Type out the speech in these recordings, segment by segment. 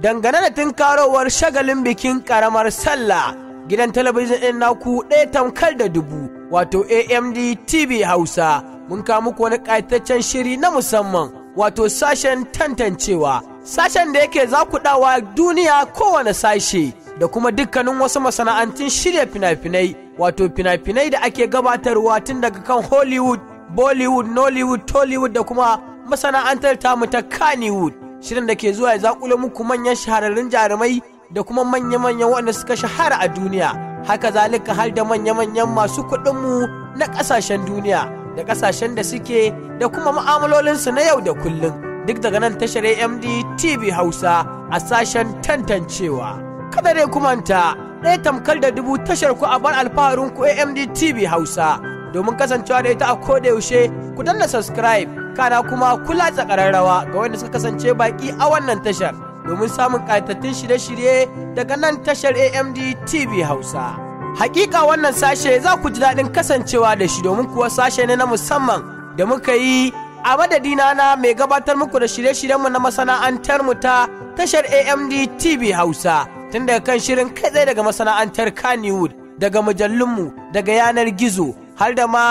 dangane da tunkarowar shagalin bikin karamar sallah gidan talabijin ɗin naku ɗaya tamkar da dubu wato amd tv hausa mun kawo muku wani ƙayataccen shiri na musamman wato sashen tantancewa sashen da yake zakuɗawa duniya kowane sashe da kuma dukkanin wasu masana'antun shirya fina-finai wato fina-finai da ake gabatarwa tun daga kan hollywood bollywood nollywood tollywood da kuma masana'antar tamu ta kannywood shirin da ke zuwa ya zakulo muku manyan shahararrun jarumai da kuma manya-manyan wanda suka shahara a duniya haka zalika har da manya-manyan masu kuɗinmu na ƙasashen duniya da ƙasashen da suke da kuma ma'amalolinsu na yau da kullum duk daga nan tashar amd tv hausa a sashen tantancewa kada dai kumanta ɗaya tamkar da dubu tashar ku a bar alfaharin ku amd tv hausa domin kasancewa da ita a koda yaushe ku danna subscribe kana kuma kula tsakararrawa ga wanda suka kasance baki a wannan tashar domin samun ƙayatattun shirye-shirye daga nan tashar AMD TV Hausa. Hakika wannan sashe za ku ji daɗin kasancewa da shi domin kuwa sashe ne na musamman da muka yi a madadina na mai gabatar muku da shirye-shiryenmu na masana'antar mu ta tashar AMD TV Hausa. tun daga kan shirin kai tsaye daga masana'antar Kannywood daga mujallunmu daga yanar gizo har da ma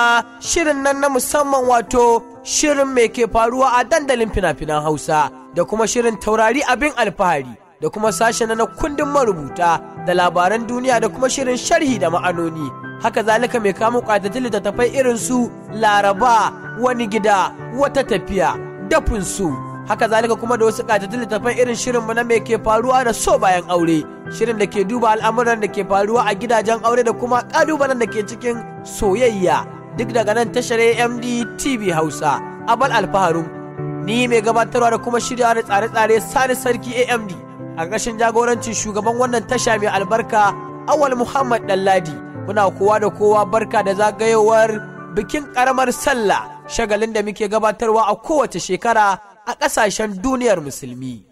shirin nan na musamman wato shirin mai ke faruwa a dandalin fina-finan Hausa da kuma shirin taurari abin alfahari da kuma sashe na kundin marubuta da labaran duniya da kuma shirin sharhi da ma'anoni haka zalika mai kama kwatattun littattafai irin su laraba wani gida wata tafiya dafin su haka zalika kuma da wasu ƙatattun littattafan irin shirinmu na mai ke faruwa da so bayan aure shirin da ke duba al'amuran da ke faruwa a gidajen aure da kuma ƙalubalen da ke cikin soyayya duk daga nan tashar AMD TV Hausa Abal Alfaharum ni mai gabatarwa da kuma shirya da tsare-tsare Sani Sarki AMD a ƙarshen jagorancin shugaban wannan tasha mai albarka Awal Muhammad Ɗanladi muna kowa da kowa barka da zagayowar bikin ƙaramar sallah shagalin da muke gabatarwa a kowace shekara a ƙasashen duniyar musulmi